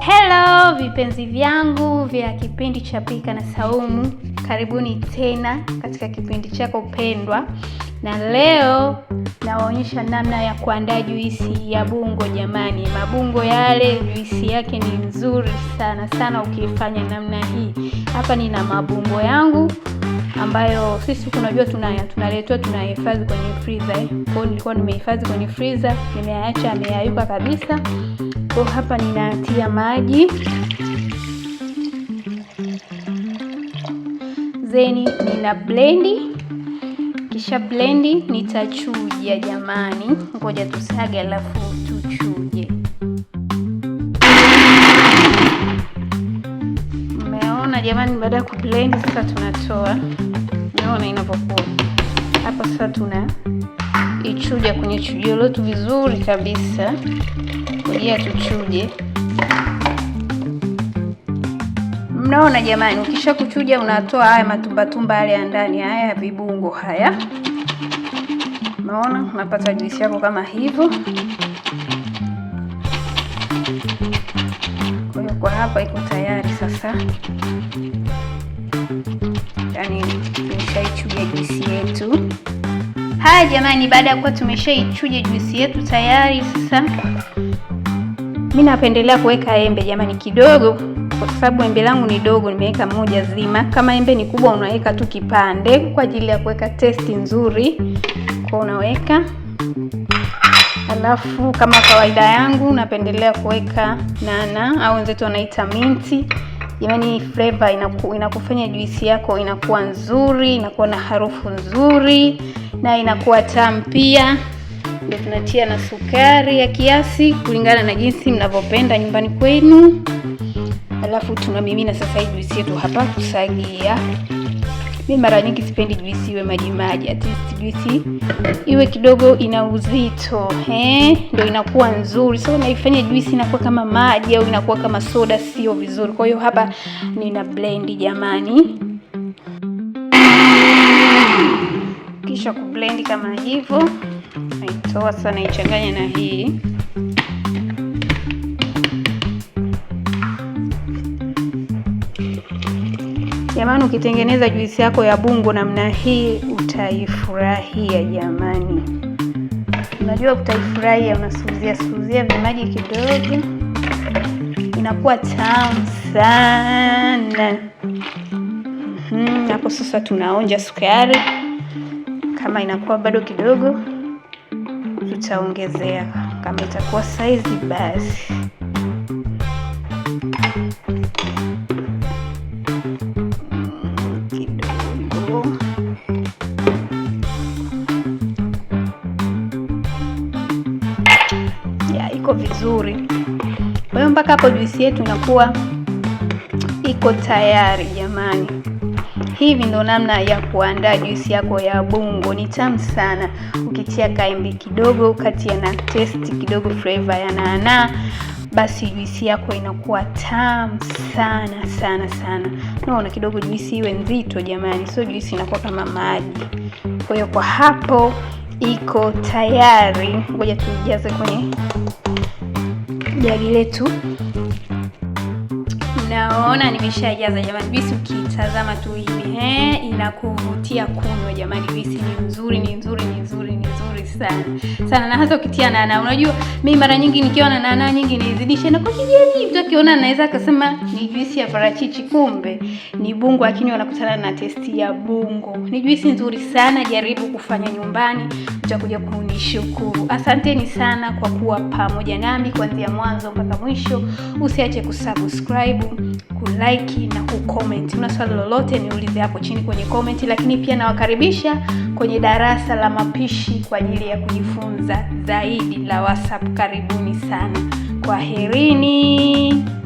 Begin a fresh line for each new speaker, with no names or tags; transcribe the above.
Hello vipenzi vyangu vya kipindi cha Pika na Saumu, karibuni tena katika kipindi chako pendwa, na leo nawaonyesha namna ya kuandaa juisi ya bungo. Jamani, mabungo yale juisi yake ni nzuri sana sana ukifanya namna hii. Hapa nina mabungo yangu ambayo sisi unajua tunaletwa tunahifadhi kwenye freezer eh. Kwao nilikuwa nimehifadhi kwenye freezer, nimeacha ameayuka kabisa. Kwao hapa ninatia maji zeni, nina blendi kisha blendi nitachuja. Jamani, ngoja tusage alafu tuchuja. jamani, baada ya kublend sasa tunatoa, naona inavyokuwa hapa. Sasa tuna ichuja kwenye chujio letu vizuri kabisa, kujia tuchuje. Mnaona jamani, ukisha kuchuja unatoa haya matumbatumba yale ya ndani, haya ya vibungo haya. naona unapata juisi yako kama hivyo. Kwa hiyo kwa hapa iko tayari sasa yani tumeshaichuja juisi yetu. Haya jamani, baada ya kuwa tumeshaichuja juisi yetu tayari, sasa mi napendelea kuweka embe jamani kidogo, kwa sababu embe langu ni dogo, nimeweka moja zima. Kama embe ni kubwa, unaweka tu kipande kwa ajili ya kuweka testi nzuri, kwa unaweka alafu kama kawaida yangu napendelea kuweka nana au wenzetu wanaita minti yaani flavor inaku, inakufanya juisi yako inakuwa nzuri, inakuwa na harufu nzuri na inakuwa tamu pia. Ndio tunatia na sukari ya kiasi kulingana na jinsi mnavyopenda nyumbani kwenu, alafu tunamimina sasa hii juisi yetu hapa kusagia Mi mara nyingi sipendi juisi iwe majimaji, at least juisi iwe kidogo ina uzito eh, ndio inakuwa nzuri. So naifanya juisi inakuwa kama maji au inakuwa kama soda, sio vizuri. Kwa hiyo hapa nina blend jamani, kisha kublend kama hivyo, naitoa sasa, naichanganya na hii Jamani, ukitengeneza juisi yako ya bungo namna hii utaifurahia jamani. Unajua utaifurahia, unasuzia suzia vimaji kidogo, inakuwa tamu sana. Mm, hapo sasa tunaonja sukari. Kama inakuwa bado kidogo, tutaongezea. Kama itakuwa saizi, basi iko vizuri. Kwa hiyo mpaka hapo juisi yetu inakuwa iko tayari jamani. Hivi ndo namna ya kuandaa juisi yako ya bungo. Ni tamu sana ukitia kaembe kidogo, ya na testi kidogo flavor ya nanaa, basi juisi yako inakuwa tamu sana sana sana. Naona kidogo juisi iwe nzito jamani, sio juisi inakuwa kama maji. Kwa hiyo kwa hapo iko tayari, ngoja tuijaze kwenye jagi letu mnaona nimeshajaza jamani. Juisi ukitazama tu hivi inakuvutia kunywa jamani. Juisi ni nzuri, ni nzuri, ni nzuri, ni nzuri sana sana, na hasa ukitia nana Unajua mii mara nyingi nikiwa na nana nyingi nizidishe, na kwa mtu akiona anaweza akasema ni juisi ya parachichi, kumbe ni bungo, lakini wanakutana na testi ya bungo. Ni juisi nzuri sana, jaribu kufanya nyumbani cha kuja kunishukuru. Asanteni sana kwa kuwa pamoja nami kuanzia mwanzo mpaka mwisho. Usiache kusubscribe, kulike na kucomment. Una swali lolote niulize hapo chini kwenye comment, lakini pia nawakaribisha kwenye darasa la mapishi kwa ajili ya kujifunza zaidi la WhatsApp. Karibuni sana, kwaherini.